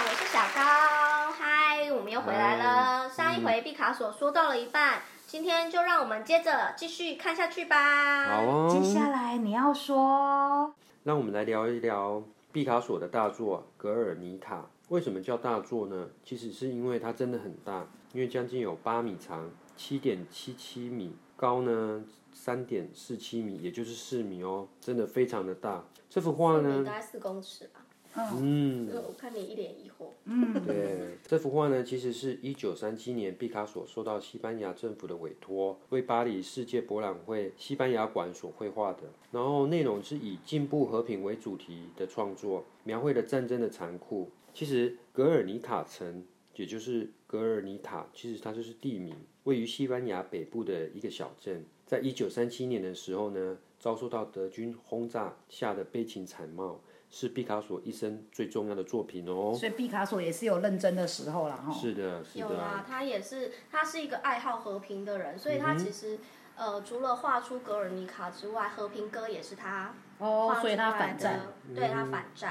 我是小高，嗨，我們又回來了。Hi, 上一回畢卡索說到了一半，嗯，今天就讓我們接着繼續看下去吧。好哦，接下來你要說。讓我們來聊一聊畢卡索的大作，啊《格爾尼卡》。為什麼叫大作呢？其實是因為它真的很大，因為將近有八米長，七點七七米高呢，三點四七米，也就是四米哦，真的非常的大。這幅畫呢，大概四公尺。嗯，我看你一臉疑惑。嗯，對，這幅畫呢，其實是一九三七年畢卡索受到西班牙政府的委托，為巴黎世界博覽會西班牙館所繪畫的。然後內容是以進步和平為主題的創作，描繪了戰爭的殘酷。其實，格爾尼卡城，也就是格爾尼卡，其實它就是地名，位於西班牙北部的一個小鎮。在一九三七年的時候呢，遭受到德軍轟炸下的悲情慘貌，是畢卡索一生最重要的作品哦，所以畢卡索也是有認真的時候啦。是的，是的啊有啊，他也是，他是一個愛好和平的人，所以他其實，嗯、呃，除了畫出《格爾尼卡》之外，《和平歌》也是他。哦，所以他反戰，嗯、對他反戰。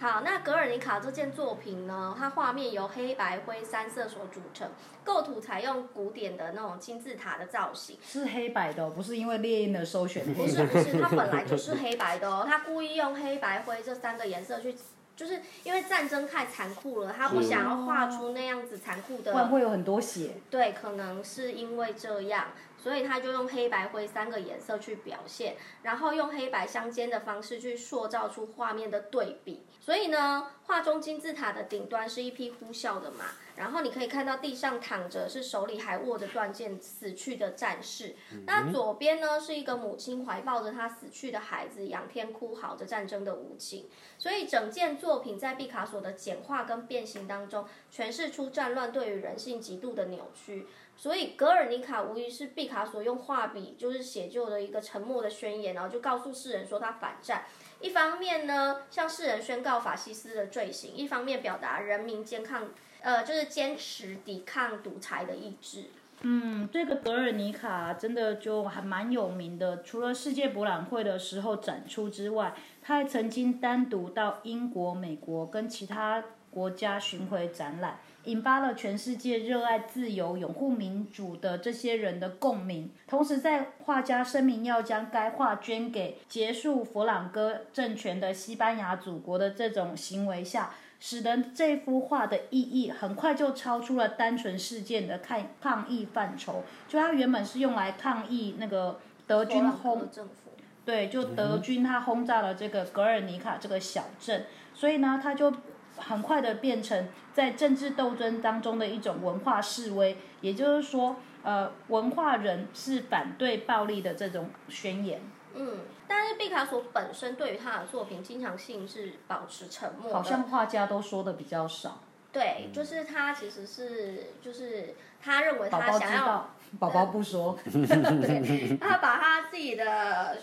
好，那格爾尼卡這件作品呢？它畫面由黑白灰三色所組成，構圖採用古典的那種金字塔的造型。是黑白的、哦，不是因為獵鷹的收選。不是不是，它本來就是黑白的哦，它故意用黑白灰這三個顏色去，就是因為戰爭太殘酷了，他不想要畫出那樣子殘酷的。不、哦、會有很多血。對，可能是因為這樣。所以他就用黑白灰三個顏色去表現，然後用黑白相間的方式去塑造出畫面的對比。所以呢，畫中金字塔的頂端是一匹呼嘯的馬，然後你可以看到地上躺着是手裡還握着斷劍死去的戰士。嗯嗯。那左邊呢，是一個母親懷抱着她死去的孩子，仰天哭嚎着戰爭的無情。所以整件作品在畢卡索的簡化跟變形當中，詮釋出戰亂對於人性極度的扭曲。所以，《格爾尼卡》無疑是畢卡索用畫筆就是寫就了一個沉默的宣言，然後就告訴世人說他反戰。一方面呢，向世人宣告法西斯的罪行；一方面表達人民堅抗，呃，就是堅持抵抗獨裁的意志。嗯，這個《格爾尼卡》真的就還蠻有名的。除了世界博覽會的時候展出之外，他還曾經單獨到英國、美國跟其他國家巡迴展覽。引發了全世界熱愛自由、擁護民主的這些人的共鳴。同時，在畫家聲明要將該畫捐給結束佛朗哥政權的西班牙祖國的這種行為下，使得這幅畫的意義很快就超出了單純事件的抗抗議範疇。就它原本是用來抗議那個德軍轟炸政府，對，就德軍它轟炸了這個格爾尼卡這個小鎮，嗯、所以呢，它就。很快的變成在政治鬥爭當中的一種文化示威，也就是說，呃，文化人是反對暴力的這種宣言。嗯，但是畢卡索本身對於他的作品經常性是保持沉默，好像畫家都說的比較少。對，就是他其實是，就是他認為他想要，寶寶不說、呃 對，他把他自己的。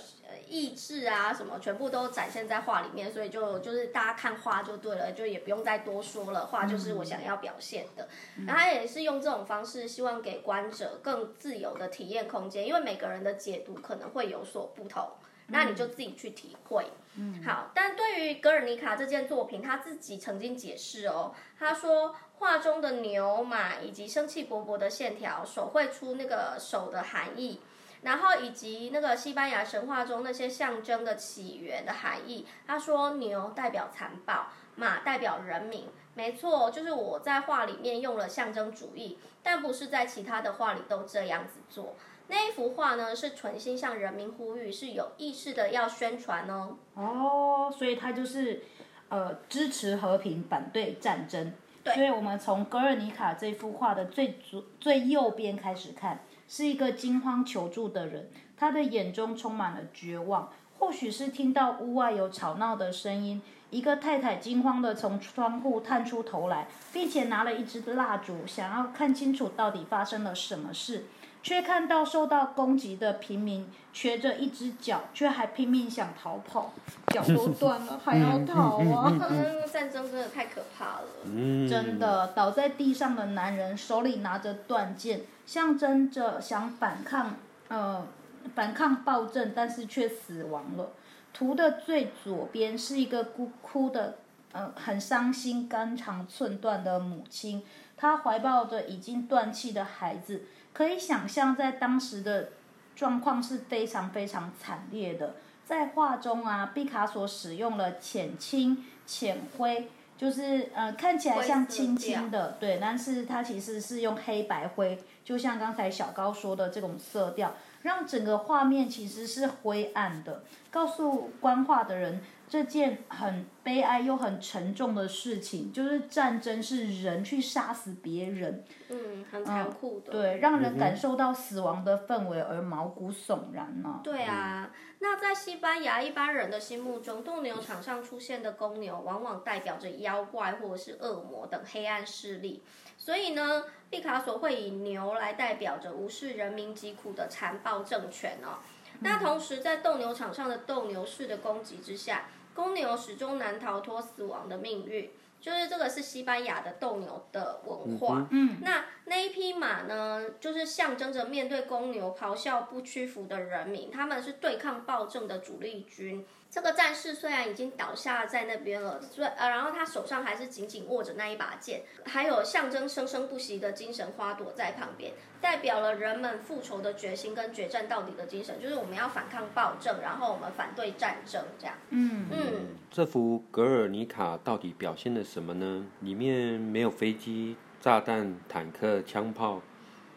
意志啊，什麼全部都展現在畫裡面，所以就就是大家看畫就對了，就也不用再多說了，畫就是我想要表現的。嗯嗯、然後他也是用這種方式，希望給觀者更自由的體驗空間，因為每個人的解讀可能會有所不同，嗯、那你就自己去體會。嗯嗯、好，但對於《格爾尼卡》這件作品，他自己曾經解釋哦，他說畫中的牛馬以及生氣勃勃的線條，手繪出那個手的含義。然後以及那個西班牙神話中那些象徵的起源的含義，他說牛代表殘暴，馬代表人民，沒錯，就是我在畫裡面用了象徵主義，但不是在其他的畫裡都這樣子做。那一幅畫呢，是存心向人民呼籲，是有意識的要宣傳哦。哦，所以他就是呃支持和平，反對戰爭。對，所以我們從《格爾尼卡》這幅畫的最左最右邊開始看，是一個驚慌求助的人，他的眼中充滿了絕望，或許是聽到屋外有吵鬧的聲音，一個太太驚慌地從窗戶探出頭來，並且拿了一支蠟燭，想要看清楚到底發生了什麼事。卻看到受到攻擊的平民瘸着一隻腳，卻還拼命想逃跑，腳都斷了還要逃啊！嗯嗯嗯、 戰爭真的太可怕了，真的倒在地上的男人手裡拿着斷劍象徵着想反抗，呃，反抗暴政，但是卻死亡了。圖的最左邊是一個哭哭的，呃、很傷心、肝腸寸斷的母親。他懷抱着已經斷氣的孩子，可以想象在當時的狀況是非常非常慘烈的。在畫中啊，畢卡索使用了淺青、淺灰，就是呃看起來像青青的，對，但是它其實是用黑白灰，就像剛才小高說的這種色調，讓整個畫面其實是灰暗的，告訴觀畫的人。這件很悲哀又很沉重的事情，就是戰爭是人去殺死別人，嗯，很殘酷的，啊、對，讓人感受到死亡的氛圍而毛骨悚然呢、啊嗯。對啊，那在西班牙一般人的心目中，鬥牛場上出現的公牛往往代表着妖怪或者是惡魔等黑暗勢力，所以呢，畢卡索會以牛來代表着無視人民疾苦的殘暴政權哦。嗯、那同時在鬥牛場上的鬥牛士的攻擊之下。公牛始終難逃脫死亡的命運，就是這個是西班牙的鬥牛的文化。嗯，那那一匹馬呢，就是象徵着面對公牛咆哮不屈服的人民，他們是對抗暴政的主力軍。這個戰士雖然已經倒下在那邊了，雖然呃，然後他手上還是緊緊握着那一把劍，還有象徵生生不息的精神花朵在旁邊，代表了人們復仇的決心跟決戰到底的精神，就是我們要反抗暴政，然後我們反對戰爭，這樣。嗯嗯。這幅《格爾尼卡》到底表現了什麼呢？裡面沒有飛機、炸彈、坦克、槍炮，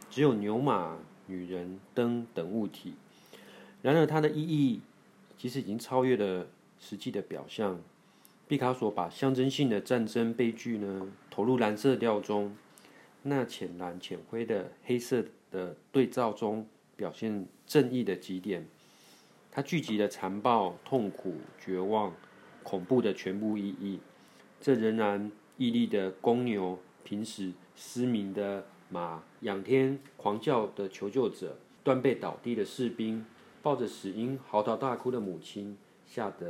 只有牛馬、女人、燈等物體。然而，它的意義。其實已經超越了實際的表象。畢卡索把象徵性的戰爭悲劇呢，投入藍色調中，那淺藍、淺灰的黑色的對照中，表現正義的極點。他聚集了殘暴、痛苦、絕望、恐怖的全部意義。這仍然屹立的公牛，瀕死失明的馬，仰天狂叫的求救者，斷背倒地的士兵。抱着死嬰嚎啕大哭的母親，嚇得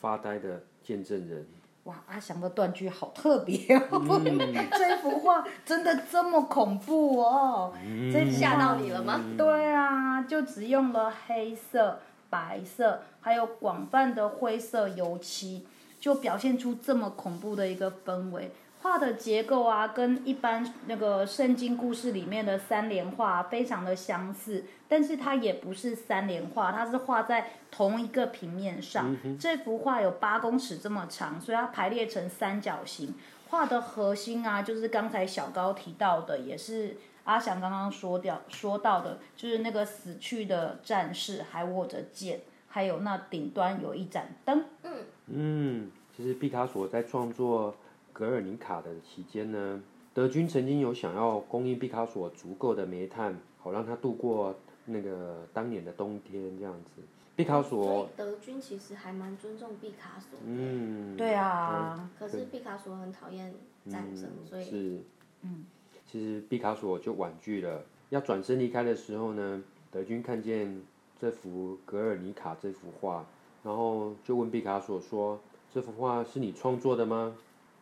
發呆的見證人。哇，阿翔的斷句好特別哦！嗯、 這幅畫真的這麼恐怖哦？嗯、真嚇到你了嗎、嗯？對啊，就只用了黑色、白色，還有廣泛的灰色油漆，就表現出這麼恐怖的一個氛圍。畫的結構啊，跟一般那個聖經故事裡面的三聯畫，啊，非常的相似，但是它也不是三聯畫，它是畫在同一個平面上。嗯，這幅畫有八公尺這麼長，所以它排列成三角形。畫的核心啊，就是剛才小高提到的，也是阿翔剛剛說掉說到的，就是那個死去的戰士還握着劍，還有那頂端有一盞燈。嗯，嗯，其實畢卡索在創作，格爾尼卡的期間呢，德軍曾經有想要供應畢卡索足夠的煤炭，好讓他度過那個當年的冬天這樣子。畢卡索、嗯、所以德軍其實還蠻尊重畢卡索的嗯，對啊。嗯、可是畢卡索很討厭戰爭，嗯、所以是嗯。其實畢卡索就婉拒了。要轉身離開的時候呢，德軍看見這幅《格爾尼卡》這幅畫，然後就問畢卡索說：“這幅畫是你創作的嗎？”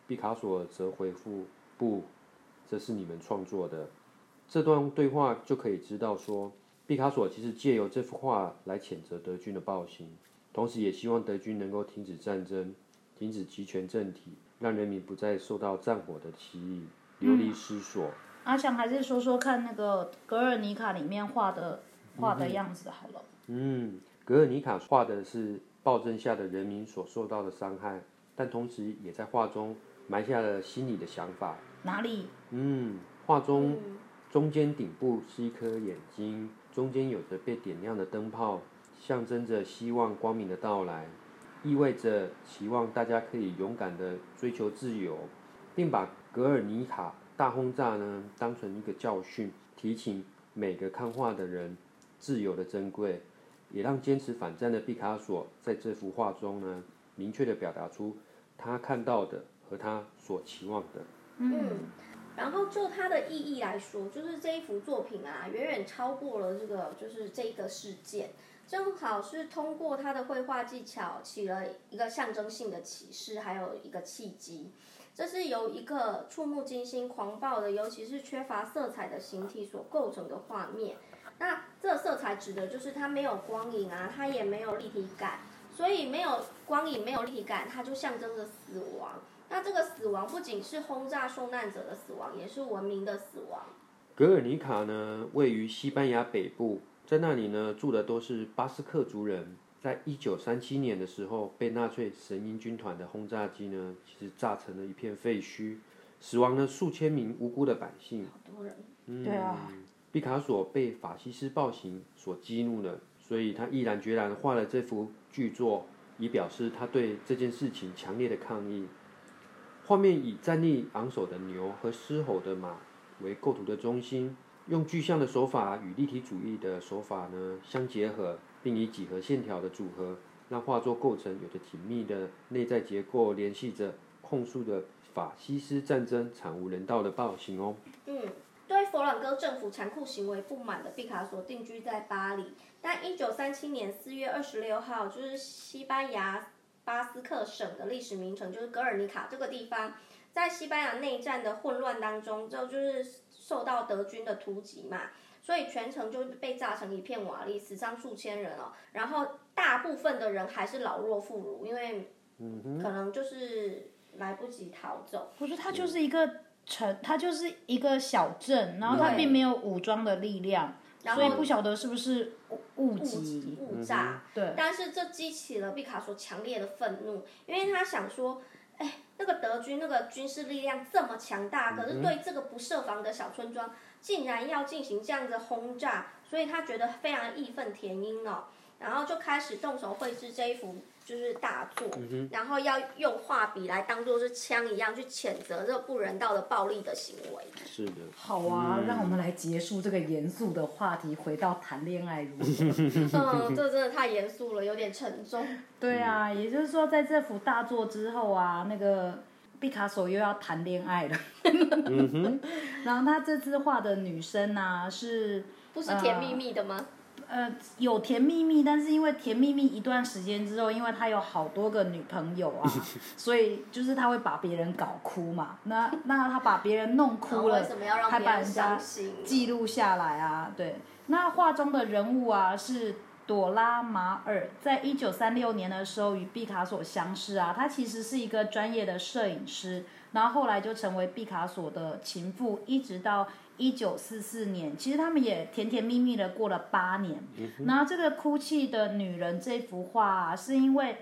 畢卡索則回復：“不，這是你們創作的。”這段對話就可以知道說，說畢卡索其實借由這幅畫來譴責德軍的暴行，同時也希望德軍能夠停止戰爭，停止集權政體，讓人民不再受到戰火的欺凌，流離失所。嗯，阿強還是說說看，那個《格爾尼卡》裡面畫的畫的樣子好了。嗯，《格爾尼卡》畫的是暴政下的人民所受到的傷害，但同時也在畫中。埋下了心裡的想法。哪裡？嗯，畫中中間頂部是一顆眼睛，中間有着被點亮的燈泡，象徵着希望光明的到來，意味着希望大家可以勇敢的追求自由，並把格爾尼卡大轟炸呢當成一個教訓，提醒每個看畫的人自由的珍貴，也讓堅持反戰的畢卡索在這幅畫中呢明確的表達出。他看到的和他所期望的。嗯，嗯，然後就它的意義來說，就是這一幅作品啊，遠遠超過了這個，就是這一個事件，正好是通過他的繪畫技巧起了一個象徵性的啟示，還有一個契機。這是由一個觸目驚心、狂暴的，尤其是缺乏色彩的形體所構成的畫面。那這色彩指的就是它沒有光影啊，它也沒有立體感，所以沒有。光影沒有力感，它就象徵着死亡。那這個死亡不僅是轟炸受難者的死亡，也是文明的死亡。格爾尼卡呢，位於西班牙北部，在那裡呢住的都是巴斯克族人。在一九三七年的時候，被納粹神鷹軍團的轟炸機呢，其實炸成了一片廢墟，死亡了數千名無辜的百姓。好多人。嗯，對啊。畢卡索被法西斯暴行所激怒了，所以他毅然決然畫了這幅巨作。以表示他對這件事情強烈的抗議。畫面以站立昂首的牛和嘶吼的馬為構圖的中心，用具象的手法與立體主義的手法呢相結合，並以幾何線條的組合，讓畫作構成有着緊密的內在結構，聯繫着控訴的法西斯戰爭慘無人道的暴行哦。嗯。對佛朗哥政府殘酷行為不滿的畢卡索定居在巴黎，但一九三七年四月二十六號，就是西班牙巴斯克省的歷史名城，就是格爾尼卡這個地方，在西班牙內戰的混亂當中，就就是受到德軍的突擊嘛，所以全城就被炸成一片瓦礫，死傷數千人哦，然後大部分的人還是老弱婦孺，因為可能就是來不及逃走，嗯、我覺得他就是一個。城，它就是一個小鎮，然後它並沒有武裝的力量，然後所以不曉得是不是誤誤擊、誤炸，嗯，對。但是這激起了畢卡索強烈的憤怒，因為他想說，哎，那個德軍那個軍事力量這麼強大，可是對這個不設防的小村莊竟然要進行這樣的轟炸，所以他覺得非常義憤填膺哦。然後就開始動手繪製這一幅就是大作，嗯、然後要用畫筆來當做是槍一樣去譴責這不人道的暴力的行為。是的。好啊、嗯，讓我們來結束這個嚴肅的話題，回到談戀愛如何？ 嗯，這真的太嚴肅了，有點沉重。嗯、對啊，也就是說，在這幅大作之後啊，那個畢卡索又要談戀愛了。 嗯、然後他這支畫的女生呢、啊、是，不是甜蜜蜜的嗎？呃呃，有甜蜜蜜，但是因為甜蜜蜜一段時間之後，因為他有好多個女朋友啊，所以就是他會把別人搞哭嘛。那那他把別人弄哭了為什麼要讓，還把人家記錄下來啊？對，那畫中的人物啊是朵拉馬爾，在一九三六年的時候與畢卡索相識啊。他其實是一個專業的攝影師，然後後來就成為畢卡索的情婦，一直到。一九四四年，其實他們也甜甜蜜蜜的過了八年。嗯、然後這個哭泣的女人這幅畫，啊，是因為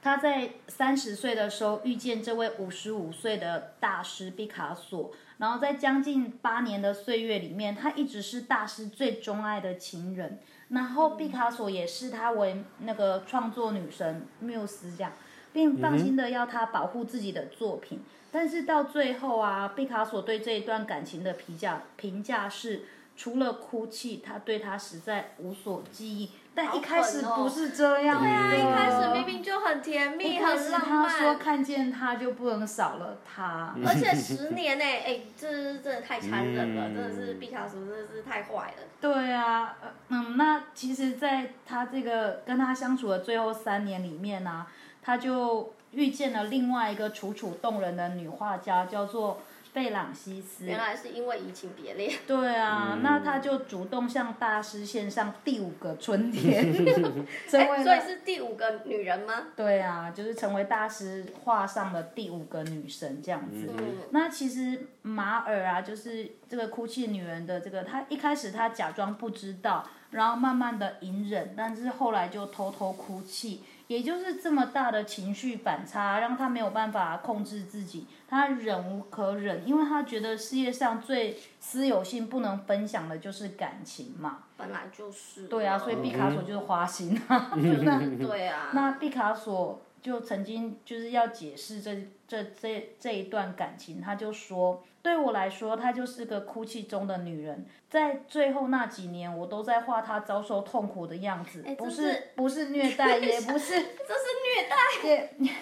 她在三十歲的時候遇見這位五十五歲的大師畢卡索，然後在將近八年的歲月裡面，她一直是大師最鍾愛的情人。然後畢卡索也視她為那個創作女神繆斯這樣，並放心的要她保護自己的作品。嗯但是到最後啊，畢卡索對這一段感情的評價評價是，除了哭泣，他對他實在無所記憶。但一開始不是這樣的。哦、對啊，一開始明明就很甜蜜，明明很甜蜜，明明很浪漫。可是他說看見他就不能少了他。而且十年呢？哎，這真的太殘忍了，嗯、真的是畢卡索真的是太壞了。對啊，嗯，那其實，在他這個跟他相處的最後三年裡面呢、啊，他就。遇見了另外一個楚楚動人的女畫家，叫做貝朗西斯。原來是因為移情別戀。對啊、嗯，那他就主動向大師獻上第五個春天。 所以是第五個女人嗎？對啊，就是成為大師畫上的第五個女神這樣子、嗯。那其實馬爾啊，就是這個哭泣女人的這個，他一開始他假裝不知道。然後慢慢的隱忍，但是後來就偷偷哭泣，也就是這麼大的情緒反差，讓他沒有辦法控制自己，他忍無可忍，因為他覺得世界上最私有性不能分享的就是感情嘛，本來就是，對啊，所以畢卡索就是花心啊，對、嗯、啊， 是那， 那, 那畢卡索就曾經就是要解釋這這這這一段感情，他就說，對我來說，她就是個哭泣中的女人，在最後那幾年，我都在畫她遭受痛苦的樣子，是不是不是虐待，也不是這是虐待，也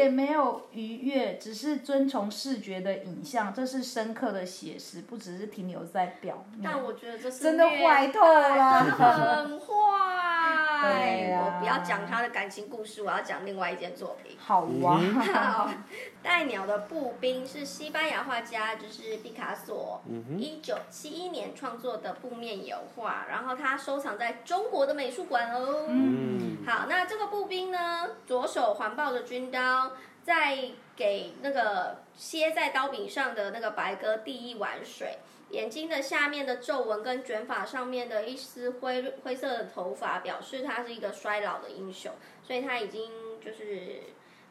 也沒有愉悅，只是遵從視覺的影像，這是深刻的寫實，不只是停留在表面。但我覺得這是真的壞透了，啊。對，我不要講他的感情故事，我要講另外一件作品。好哇，嗯、好，《帶鳥的步兵》是西班牙畫家，就是畢卡索，一九七一年創作的布面油畫，然後他收藏在中國的美術館哦、嗯。好，那這個步兵呢，左手環抱着軍刀，在給那個歇在刀柄上的那個白鴿遞一碗水。眼睛的下面的皺紋跟捲髮上面的一絲灰灰色的頭髮，表示他是一個衰老的英雄，所以他已經就是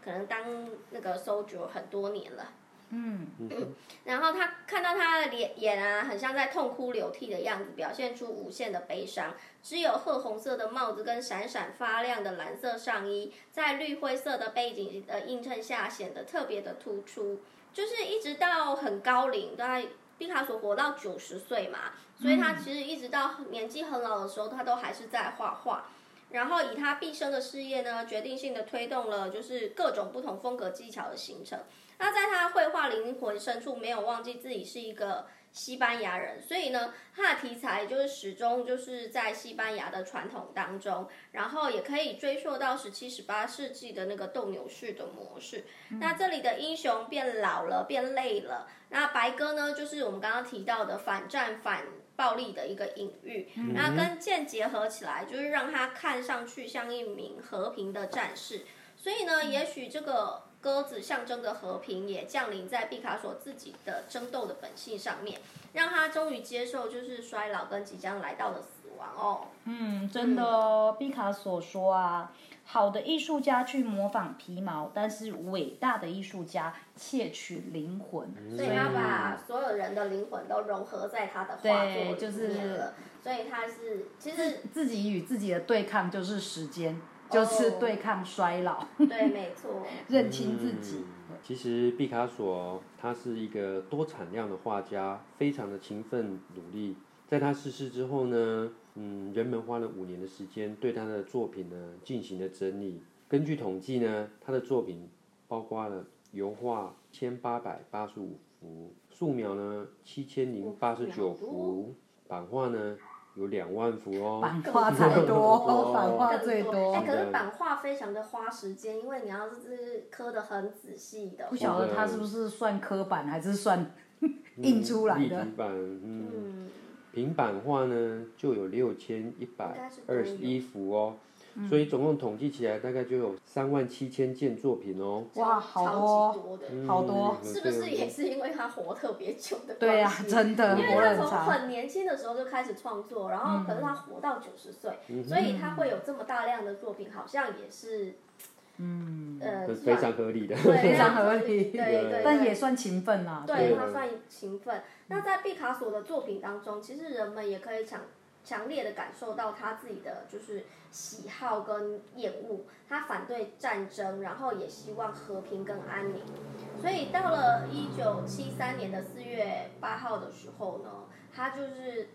可能當那個 soldier 很多年了。嗯嗯。 然後他看到他的臉眼啊，很像在痛哭流涕的樣子，表現出無限的悲傷。只有褐紅色的帽子跟閃閃發亮的藍色上衣，在綠灰色的背景的映襯下顯得特別的突出。就是一直到很高齡都在。畢卡索活到九十歲嘛，所以他其實一直到年紀很老的時候，他都還是在畫畫。然後以他畢生的事業呢，決定性的推動了就是各種不同風格技巧的形成。那在他繪畫靈魂深處，沒有忘記自己是一個西班牙人，所以呢，他的題材就是始終就是在西班牙的傳統當中，然後也可以追溯到十七、十八世紀的那個鬥牛士的模式。嗯。那這裡的英雄變老了，變累了。那白鴿呢，就是我們剛剛提到的反戰、反暴力的一個隱喻。嗯。那跟劍結合起來，就是讓他看上去像一名和平的戰士。所以呢，嗯，也許這個。鴿子象徵的和平也降臨在畢卡索自己的爭鬥的本性上面，讓他終於接受就是衰老跟即將來到的死亡哦。嗯，真的哦，畢、嗯、卡索說啊，好的藝術家去模仿皮毛，但是偉大的藝術家竊取靈魂、嗯，所以他把所有人的靈魂都融合在他的畫作，對就是。所以他是其實自己，自己與自己的對抗就是時間。就是對抗衰老，oh， 對，沒錯， 認清自己，嗯。其實畢卡索他是一個多產量的畫家，非常的勤奮努力。在他逝世之後呢，嗯，人們花了五年的時間對他的作品呢進行了整理。根據統計呢，他的作品包括了油畫千八百八十五幅，素描呢七千零八十九幅，版畫呢。有兩萬幅、喔、 哦，版畫太多，版畫最多。哎、欸，可是版畫非常的花時間，因為你要就是刻得很仔細的。不曉得它是不是算刻版還是算、嗯、 印出來的？立體版，嗯，嗯。平板畫呢，就有六千一百二十一幅哦、喔。所以總共統計起來大概就有三萬七千件作品哦、喔。哇，好多的，的、嗯，好多，是不是也是因為他活特別久的關係？對呀、啊，真的。因為他從很年輕的時候就開始創作，然後可是他活到九十歲，所以他會有這麼大量的作品，好像也是，嗯，呃，非常合理的。對，非常合理，對對、對但也算勤奮啦。對，他算勤奮。那在畢卡索的作品當中，其實人們也可以搶強烈的感受到他自己的就是喜好跟厭惡，他反對戰爭，然後也希望和平跟安寧。所以到了一九七三年的四月八號的時候呢，他就是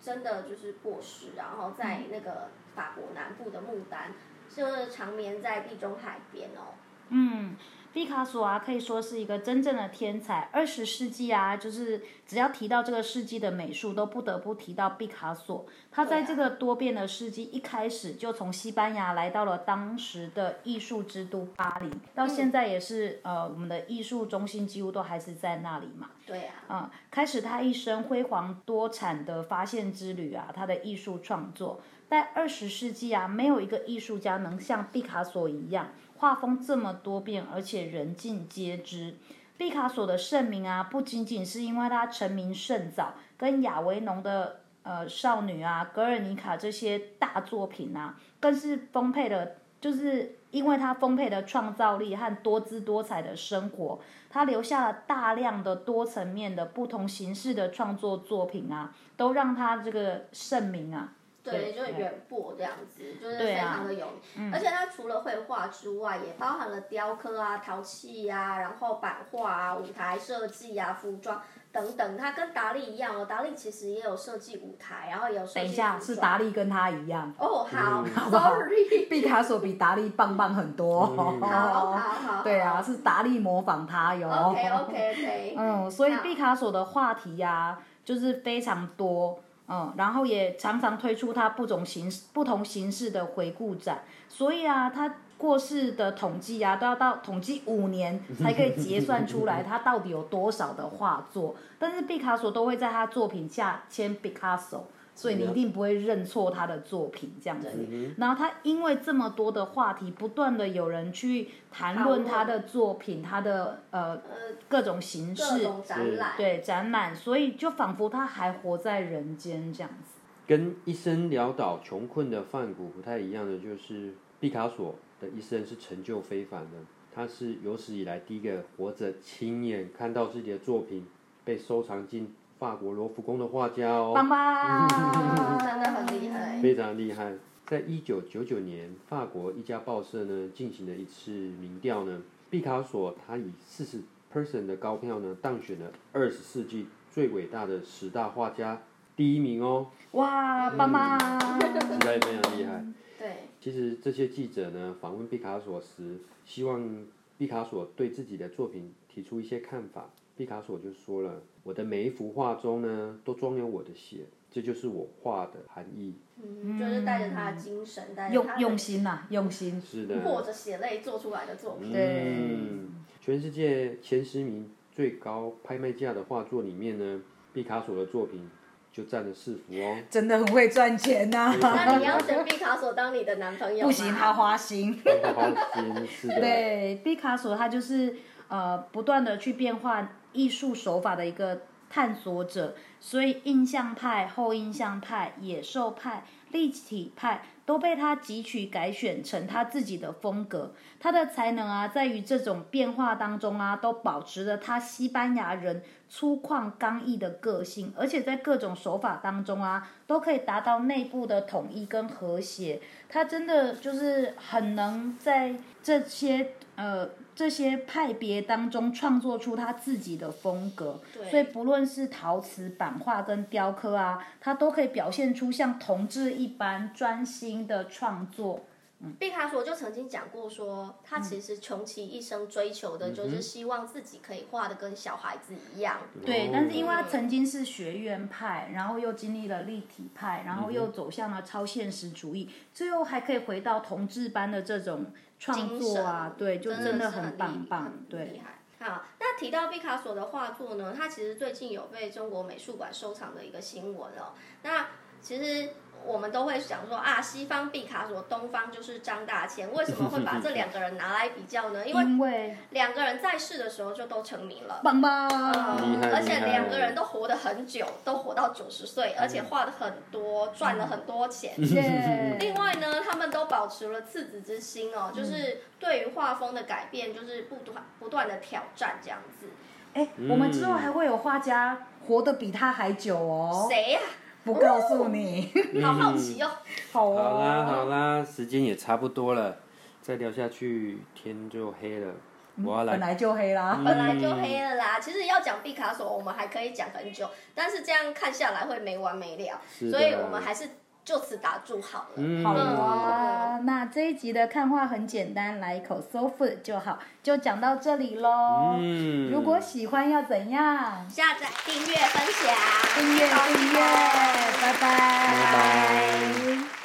真的就是過世，然後在那個法國南部的牡丹，就是長眠在地中海邊哦。嗯。畢卡索啊，可以說是一個真正的天才。二十世紀啊，就是只要提到這個世紀的美術，都不得不提到畢卡索。他在這個多變的世紀、啊、一開始就從西班牙來到了當時的藝術之都巴黎，到現在也是、嗯、呃，我們的藝術中心幾乎都還是在那裡嘛。對呀、啊。嗯、呃，開始他一生輝煌多產的發現之旅啊，他的藝術創作，在二十世紀啊，沒有一個藝術家能像畢卡索一樣。畫風這麼多變，而且人盡皆知。畢卡索的盛名啊，不僅僅是因為他成名甚早，跟亞維農的呃少女啊、格爾尼卡這些大作品啊，更是豐沛的，就是因為他豐沛的創造力和多姿多彩的生活，他留下了大量的多層面的不同形式的創作作品啊，都讓他這個盛名啊。對，就是遠播這樣子，嗯，就是非常的有、啊、而且他除了繪畫之外，嗯，也包含了雕刻啊、陶器呀，然後版畫啊、舞台設計啊、服裝等等。他跟達利一樣哦，達利其實也有設計舞台，然後也有設計舞台。等一下，是達利跟他一樣。哦、好，嗯，Sorry，好好畢卡索比達利棒棒很多。嗯。 好好好，好。對啊，是達利模仿他喲。OK OK OK。嗯，所以畢卡索的話題呀，啊，就是非常多。嗯，然後也常常推出他不同形式，不同形式的回顧展，所以啊，他過世的統計啊，都要到統計五年才可以結算出來，他到底有多少的畫作？ 但是畢卡索都會在他作品下簽畢卡索。所以你一定不會認錯他的作品這樣子，然後他因為這麼多的話題，不斷的有人去談論他的作品，他的呃各種形式，各種展覽，對展覽，所以就仿佛他還活在人間這樣子。跟一生潦倒窮困的梵谷不太一樣的就是畢卡索的一生是成就非凡的，他是有史以來第一個活着親眼看到自己的作品被收藏進。法國羅浮宮的畫家哦，爸爸真的很厲害，非常厲害。在一九九九年，法國一家報社呢進行了一次民調呢，畢卡索他以四十 percent 的高票呢當選了二十世紀最偉大的十大畫家第一名哦，哇，爸、嗯、爸，實在非常厲害，嗯。對，其實這些記者呢訪問畢卡索時，希望畢卡索對自己的作品提出一些看法。畢卡索就說了，我的每一幅畫中呢，都裝有我的血，這就是我畫的含義，嗯、就是帶着他的精神，嗯、帶着他精神用用心吶、啊，用心，是的，或者血淚做出來的作品對。對，全世界前十名最高拍賣價的畫作裡面呢，畢卡索的作品，就佔了四幅哦、啊，真的很會賺錢吶、啊。那你要選畢卡索當你的男朋友？不行，他花心。 對。畢卡索他就是呃，不斷的去變化藝術手法的一個探索者，所以印象派、後印象派、野獸派、立體派都被他汲取、改選成他自己的風格。他的才能啊，在於這種變化當中啊，都保持着他西班牙人。粗獷剛毅的個性，而且在各種手法當中啊，都可以達到內部的統一跟和諧。他真的就是很能在這些呃這些派別當中創作出他自己的風格，所以不論是陶瓷、版畫跟雕刻啊，他都可以表現出像同志一般專心的創作。畢卡索就曾經講過說，說他其實窮其一生追求的就是希望自己可以畫得跟小孩子一樣，嗯。對，但是因為他曾經是學院派，然後又經歷了立體派，然後又走向了超現實主義，嗯、最後還可以回到同志般的這種創作啊，對，就真的很棒，棒的很，對。好，那提到畢卡索的畫作呢，他其實最近有被中國美術館收藏的一個新聞哦。那其實。我們都會想說啊，西方畢卡索，東方就是張大千，為什麼會把這兩個人拿來比較呢？因為兩個人在世的時候就都成名了，棒棒，而且兩個人都活得很久，都活到九十歲，而且畫的很多，賺了很多錢。另外呢，他們都保持了赤子之心哦，就是對於畫風的改變，就是不斷不斷的挑戰這樣子。哎，我們之後還會有畫家活得比他還久哦？誰呀、啊？不告訴你、哦 嗯，好好奇哦，好啊。好啦、啊、好啦、啊啊啊，時間也差不多了，再聊下去天就黑了、嗯，我要來。本來就黑啦，嗯，本來就黑了啦。其實要講畢卡索，我們還可以講很久，但是這樣看下來會沒完沒了，所以我們還是。就此打住好了，嗯、好哇，那這一集的看畫很簡單，來一口 so food 就好，就講到這裡嘍、嗯。如果喜歡要怎樣？下載、訂閱、分享、訂閱、訂閱，拜拜。拜拜拜拜。